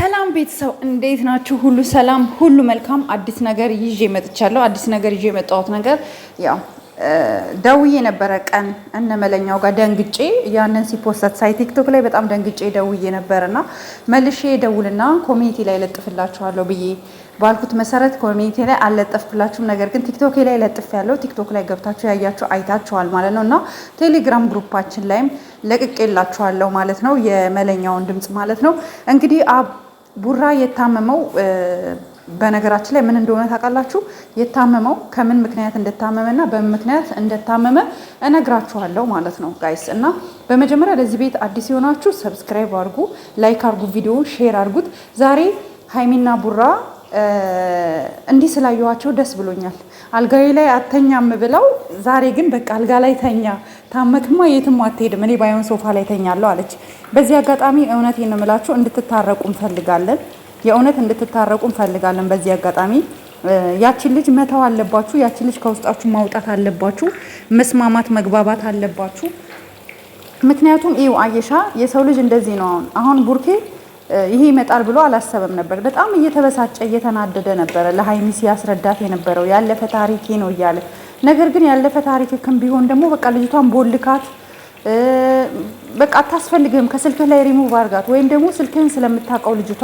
ሰላም ቤተሰብ እንዴት ናችሁ? ሁሉ ሰላም፣ ሁሉ መልካም። አዲስ ነገር ይዤ መጥቻለሁ። አዲስ ነገር ይዤ የመጣሁት ነገር ያው ደውዬ ነበረ ቀን እነመለኛው ጋር ደንግጬ ያንን ሲፖስት ሳይ ቲክቶክ ላይ በጣም ደንግጬ ደውዬ ነበርና መልሼ ደውልና ኮሚኒቲ ላይ ለጥፍላችኋለሁ ብዬ ባልኩት መሰረት ኮሚኒቲ ላይ አልለጠፍኩላችሁም። ነገር ግን ቲክቶክ ላይ ለጥፍ ያለው ቲክቶክ ላይ ገብታችሁ ያያችሁ አይታችኋል ማለት ነው እና ቴሌግራም ግሩፓችን ላይም ለቅቄላችኋለሁ ማለት ነው የመለኛውን ድምፅ ማለት ነው እንግዲህ ቡራ የታመመው በነገራችን ላይ ምን እንደሆነ ታውቃላችሁ? የታመመው ከምን ምክንያት እንደታመመ እና በምን ምክንያት እንደታመመ እነግራችኋለሁ ማለት ነው ጋይስ። እና በመጀመሪያ ለዚህ ቤት አዲስ የሆናችሁ ሰብስክራይብ አድርጉ፣ ላይክ አድርጉ፣ ቪዲዮውን ሼር አድርጉት። ዛሬ ሀይሚና ቡራ እንዲህ ስላየኋቸው ደስ ብሎኛል። አልጋዬ ላይ አተኛም ብለው ዛሬ ግን በቃ አልጋ ላይ ተኛ፣ ታመክማ የትም አትሄድም፣ እኔ ባይሆን ሶፋ ላይ ተኛለሁ አለች። በዚህ አጋጣሚ እውነት የምላችሁ እንድትታረቁ እንፈልጋለን። የእውነት እንድትታረቁ እንፈልጋለን። በዚህ አጋጣሚ ያችን ልጅ መተው አለባችሁ። ያችን ልጅ ከውስጣችሁ ማውጣት አለባችሁ። መስማማት፣ መግባባት አለባችሁ። ምክንያቱም ይኸው አየሻ የሰው ልጅ እንደዚህ ነው። አሁን አሁን ቡርኬ ይሄ ይመጣል ብሎ አላሰበም ነበር። በጣም እየተበሳጨ እየተናደደ ነበረ ለሀይሚ ሲያስረዳት የነበረው ያለፈ ታሪኬ ነው እያለ ነገር ግን ያለፈ ታሪክም ቢሆን ደግሞ በቃ ልጅቷን ቦልካት በቃ አታስፈልግም፣ ከስልክህ ላይ ሪሙቭ አርጋት ወይም ደግሞ ስልክህን ስለምታውቀው ልጅቷ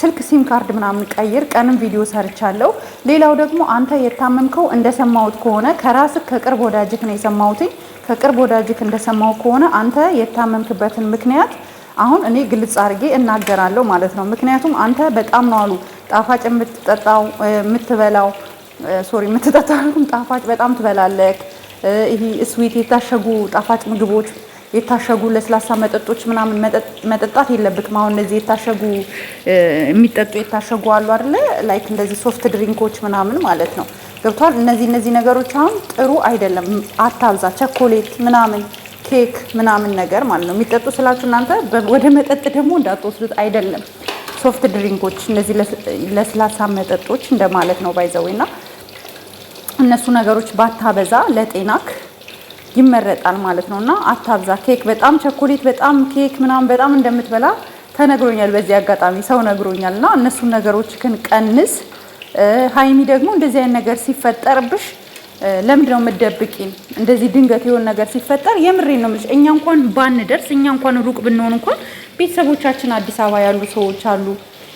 ስልክ ሲም ካርድ ምናምን ቀይር። ቀንም ቪዲዮ ሰርቻለሁ። ሌላው ደግሞ አንተ የታመምከው እንደሰማሁት ከሆነ ከራስህ ከቅርብ ወዳጅክ ነው የሰማሁትኝ። ከቅርብ ወዳጅክ እንደሰማሁት ከሆነ አንተ የታመምክበትን ምክንያት አሁን እኔ ግልጽ አድርጌ እናገራለሁ ማለት ነው። ምክንያቱም አንተ በጣም ነው አሉ ጣፋጭ የምትጠጣው የምትበላው፣ ሶሪ የምትጠጣው ጣፋጭ በጣም ትበላለህ። ይሄ ስዊት የታሸጉ ጣፋጭ ምግቦች፣ የታሸጉ ለስላሳ መጠጦች ምናምን መጠጣት የለብክም። አሁን እነዚህ የታሸጉ የሚጠጡ የታሸጉ አሉ አይደለ? ላይክ እንደዚህ ሶፍት ድሪንኮች ምናምን ማለት ነው። ገብቷል። እነዚህ እነዚህ ነገሮች አሁን ጥሩ አይደለም። አታብዛ። ቸኮሌት ምናምን ኬክ ምናምን ነገር ማለት ነው የሚጠጡ ስላችሁ እናንተ ወደ መጠጥ ደግሞ እንዳትወስዱት አይደለም። ሶፍት ድሪንኮች እነዚህ ለስላሳ መጠጦች እንደማለት ነው ባይዘዌና እነሱ ነገሮች ባታበዛ ለጤናክ ይመረጣል ማለት ነው። እና አታብዛ ኬክ በጣም ቸኮሌት በጣም ኬክ ምናምን በጣም እንደምትበላ ተነግሮኛል። በዚህ አጋጣሚ ሰው ነግሮኛል። እና እነሱን ነገሮች ግን ቀንስ። ሀይሚ ደግሞ እንደዚህ አይነት ነገር ሲፈጠርብሽ ለምንድን ነው የምትደብቂን? እንደዚህ ድንገት የሆነ ነገር ሲፈጠር የምሬን ነው የምልሽ። እኛ እንኳን ባንደርስ እኛ እንኳን ሩቅ ብንሆን እንኳን ቤተሰቦቻችን አዲስ አበባ ያሉ ሰዎች አሉ።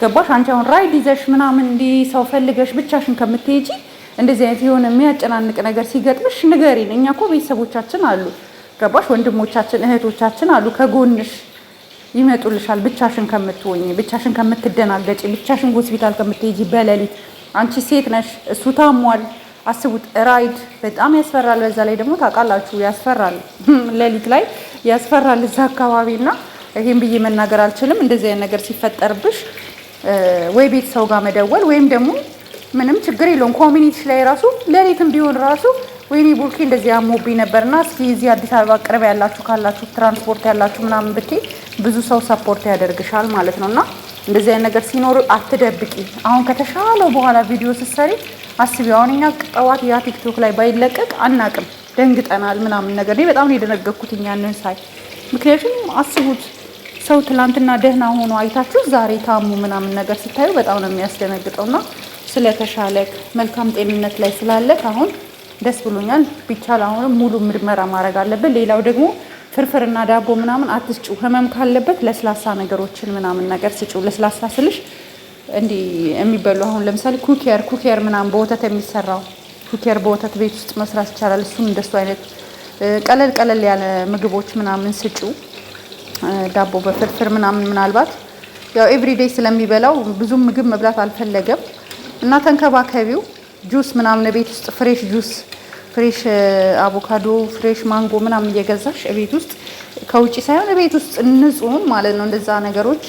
ገባሽ? አንቺ አሁን ራይድ ይዘሽ ምናምን እንዲህ ሰው ፈልገሽ ብቻሽን ከምትሄጂ እንደዚህ አይነት የሆነ የሚያጨናንቅ ነገር ሲገጥምሽ ንገሪን። እኛ እኮ ቤተሰቦቻችን አሉ። ገባሽ? ወንድሞቻችን እህቶቻችን አሉ ከጎንሽ ይመጡልሻል። ብቻሽን ከምትወኝ፣ ብቻሽን ከምትደናገጪ፣ ብቻሽን ሆስፒታል ከምትሄጂ በሌሊት አንቺ ሴት ነሽ፣ እሱ ታሟል አስቡት ራይድ በጣም ያስፈራል። በዛ ላይ ደግሞ ታውቃላችሁ ያስፈራል፣ ሌሊት ላይ ያስፈራል እዛ አካባቢ እና ይሄን ብዬ መናገር አልችልም። እንደዚህ አይነት ነገር ሲፈጠርብሽ ወይ ቤተሰው ጋር መደወል ወይም ደግሞ ምንም ችግር የለውም ኮሚኒቲ ላይ ራሱ ሌሊትም ቢሆን ራሱ ወይኔ ቡርኪ እንደዚህ አሞብኝ ነበርና እስኪ እዚህ አዲስ አበባ ቅርብ ያላችሁ ካላችሁ ትራንስፖርት ያላችሁ ምናምን ብቴ ብዙ ሰው ሰፖርት ያደርግሻል ማለት ነው እና እንደዚህ አይነት ነገር ሲኖር አትደብቂ። አሁን ከተሻለው በኋላ ቪዲዮ ስትሰሪ አስቢ አሁን እኛ ጠዋት ያ ቲክቶክ ላይ ባይለቀቅ አናቅም ደንግጠናል ምናምን ነገር እኔ በጣም ነው የደነገኩት እኛንን ሳይ ምክንያቱም አስቡት ሰው ትላንትና ደህና ሆኖ አይታችሁ ዛሬ ታሙ ምናምን ነገር ስታዩ በጣም ነው የሚያስደነግጠው እና ስለተሻለ መልካም ጤንነት ላይ ስላለክ አሁን ደስ ብሎኛል ቢቻል አሁንም ሙሉ ምርመራ ማድረግ አለብን ሌላው ደግሞ ፍርፍርና ዳቦ ምናምን አትስጩ ህመም ካለበት ለስላሳ ነገሮችን ምናምን ነገር ስጩ ለስላሳ ስልሽ እንዲህ የሚበሉ አሁን ለምሳሌ ኩኬር ኩኬር ምናምን በወተት የሚሰራው ኩኬር በወተት ቤት ውስጥ መስራት ይቻላል። እሱም እንደሱ አይነት ቀለል ቀለል ያለ ምግቦች ምናምን ስጩ። ዳቦ በፍርፍር ምናምን ምናልባት ያው ኤቭሪዴይ ስለሚበላው ብዙም ምግብ መብላት አልፈለገም እና ተንከባከቢው። ጁስ ምናምን ቤት ውስጥ ፍሬሽ ጁስ፣ ፍሬሽ አቮካዶ፣ ፍሬሽ ማንጎ ምናምን እየገዛሽ ቤት ውስጥ ከውጭ ሳይሆን ቤት ውስጥ ንጹህን ማለት ነው እንደዛ ነገሮች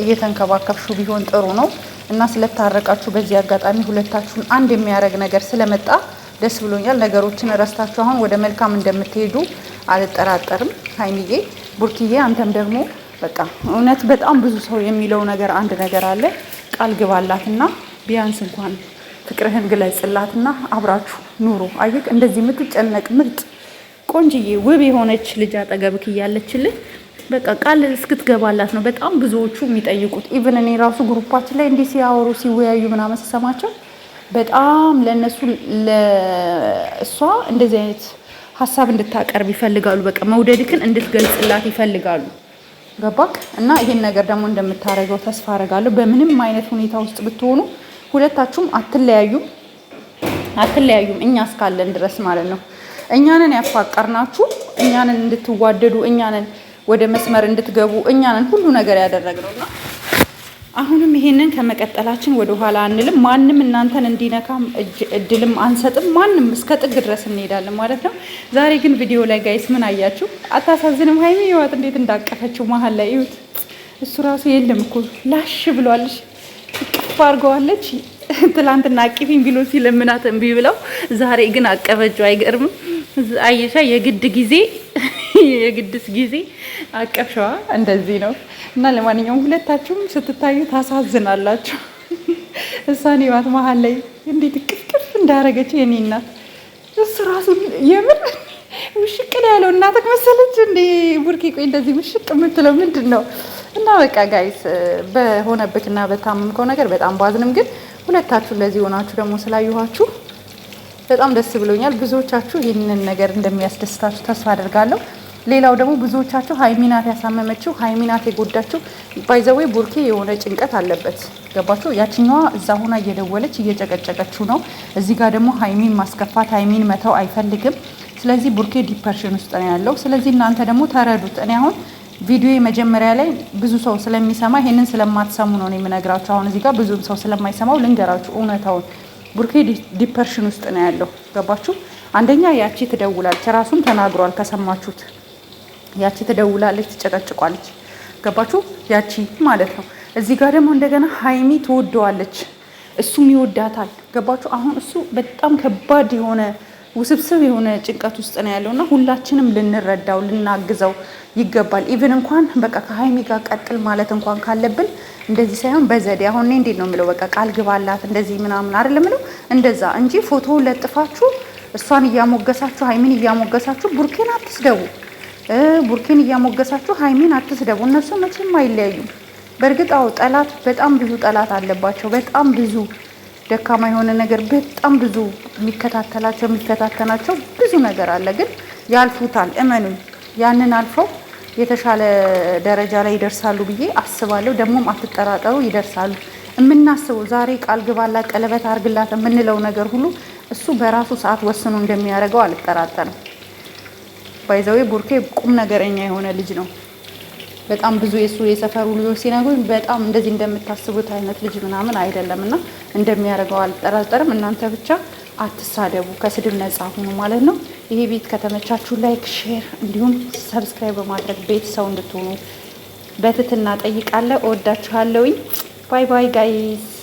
እየተንከባከብሹ ቢሆን ጥሩ ነው እና ስለታረቃችሁ በዚህ አጋጣሚ ሁለታችሁን አንድ የሚያደርግ ነገር ስለመጣ ደስ ብሎኛል። ነገሮችን ረስታችሁ አሁን ወደ መልካም እንደምትሄዱ አልጠራጠርም። ሀይሚዬ ቡርኪዬ፣ አንተም ደግሞ በቃ እውነት በጣም ብዙ ሰው የሚለው ነገር አንድ ነገር አለ። ቃል ግባላትና ቢያንስ እንኳን ፍቅርህን ግለጽላትና አብራችሁ ኑሩ። አየህ እንደዚህ የምትጨነቅ ምርጥ ቆንጅዬ ውብ የሆነች ልጅ አጠገብክ እያለችልህ በቃ ቃል እስክትገባላት ነው በጣም ብዙዎቹ የሚጠይቁት። ኢቨን እኔ ራሱ ግሩፓችን ላይ እንዲህ ሲያወሩ ሲወያዩ ምናምን ስሰማቸው በጣም ለእነሱ ለእሷ እንደዚህ አይነት ሀሳብ እንድታቀርብ ይፈልጋሉ። በቃ መውደድክን እንድትገልጽላት ይፈልጋሉ። ገባክ? እና ይህን ነገር ደግሞ እንደምታደርገው ተስፋ አደርጋለሁ። በምንም አይነት ሁኔታ ውስጥ ብትሆኑ ሁለታችሁም አትለያዩም፣ አትለያዩም እኛ እስካለን ድረስ ማለት ነው። እኛንን ያፋቀርናችሁ፣ እኛንን እንድትዋደዱ፣ እኛንን ወደ መስመር እንድትገቡ እኛንን ሁሉ ነገር ያደረግነው እና አሁንም ይሄንን ከመቀጠላችን ወደ ኋላ አንልም። ማንም እናንተን እንዲነካም እድልም አንሰጥም። ማንም እስከ ጥግ ድረስ እንሄዳለን ማለት ነው። ዛሬ ግን ቪዲዮ ላይ ጋይስ ምን አያችሁ? አታሳዝንም? ሀይሚ ህይወት እንዴት እንዳቀፈችው መሀል ላይ እዩት። እሱ ራሱ የለም እኮ ላሽ ብሏልሽ፣ ቅፍ አድርገዋለች። ትላንትና አቂፊኝ ቢሎ ሲለምናት እምቢ ብለው፣ ዛሬ ግን አቀፈችው። አይገርምም? አየሻ የግድ ጊዜ የግድስ ጊዜ አቀፍሸዋ እንደዚህ ነው እና ለማንኛውም ሁለታችሁም ስትታዩ ታሳዝናላችሁ። እሳኔ ባት መሀል ላይ እንዴት ቅፍቅፍ እንዳደረገች የኔ እናት እሱ ራሱ የምር ውሽቅል ያለው እናትህ መሰለች እንዴ ቡርኬ? ቆይ እንደዚህ ምሽቅ የምትለው ምንድን ነው? እና በቃ ጋይስ እና በታመምከው ነገር በጣም ባዝንም፣ ግን ሁለታችሁ እንደዚህ ሆናችሁ ደግሞ ስላየኋችሁ በጣም ደስ ብሎኛል። ብዙዎቻችሁ ይህንን ነገር እንደሚያስደስታችሁ ተስፋ አድርጋለሁ። ሌላው ደግሞ ብዙዎቻችሁ ሀይሚናት ያሳመመችው ሀይሚናት የጎዳችው ባይዘዌ ቡርኬ የሆነ ጭንቀት አለበት። ገባችሁ? ያችኛዋ እዛ ሆና እየደወለች እየጨቀጨቀችው ነው። እዚህ ጋር ደግሞ ሀይሚን ማስከፋት፣ ሀይሚን መተው አይፈልግም። ስለዚህ ቡርኬ ዲፐርሽን ውስጥ ነው ያለው። ስለዚህ እናንተ ደግሞ ተረዱት። እኔ አሁን ቪዲዮ መጀመሪያ ላይ ብዙ ሰው ስለሚሰማ ይሄንን ስለማትሰሙ ነው የምነግራችሁ። አሁን እዚህ ጋር ብዙም ሰው ስለማይሰማው ልንገራችሁ እውነታውን። ቡርኬ ዲፐርሽን ውስጥ ነው ያለው። ገባችሁ? አንደኛ ያቺ ትደውላለች፣ ራሱም ተናግሯል ከሰማችሁት ያቺ ትደውላለች፣ ትጨቀጭቋለች። ገባችሁ? ያቺ ማለት ነው። እዚህ ጋር ደግሞ እንደገና ሀይሚ ትወደዋለች፣ እሱም ይወዳታል። ገባችሁ? አሁን እሱ በጣም ከባድ የሆነ ውስብስብ የሆነ ጭንቀት ውስጥ ነው ያለውና ሁላችንም ልንረዳው ልናግዘው ይገባል። ኢቭን እንኳን በቃ ከሀይሚ ጋር ቀጥል ማለት እንኳን ካለብን እንደዚህ ሳይሆን በዘዴ አሁን እኔ እንዴት ነው የምለው፣ በቃ ቃል ግባላት እንደዚህ ምናምን አይደል የምለው እንደዛ እንጂ ፎቶ ለጥፋችሁ እሷን እያሞገሳችሁ ሀይሚን እያሞገሳችሁ ቡርኬን አትስደቡ። ቡርኬን እያሞገሳችሁ ሀይሚን አትስደቡ። እነሱ መቼም አይለያዩም። በእርግጥ አዎ ጠላት በጣም ብዙ ጠላት አለባቸው። በጣም ብዙ ደካማ የሆነ ነገር በጣም ብዙ የሚከታተላቸው የሚፈታተናቸው ብዙ ነገር አለ። ግን ያልፉታል፣ እመኑ። ያንን አልፈው የተሻለ ደረጃ ላይ ይደርሳሉ ብዬ አስባለሁ። ደግሞም አትጠራጠሩ፣ ይደርሳሉ። የምናስበው ዛሬ ቃል ግባላት፣ ቀለበት አርግላት የምንለው ነገር ሁሉ እሱ በራሱ ሰዓት ወስኖ እንደሚያደርገው አልጠራጠርም። ባይዘዌ ቡርኬ ቁም ነገረኛ የሆነ ልጅ ነው። በጣም ብዙ የሱ የሰፈሩ ልጆች ሲነግሩኝ በጣም እንደዚህ እንደምታስቡት አይነት ልጅ ምናምን አይደለም እና እንደሚያደርገው አልጠራጠርም። እናንተ ብቻ አትሳደቡ፣ ከስድብ ነጻ ሁኑ ማለት ነው። ይሄ ቤት ከተመቻችሁ ላይክ፣ ሼር እንዲሁም ሰብስክራይብ በማድረግ ቤተሰው እንድትሆኑ በትትና ጠይቃለሁ። እወዳችኋለሁኝ። ባይ ባይ ጋይስ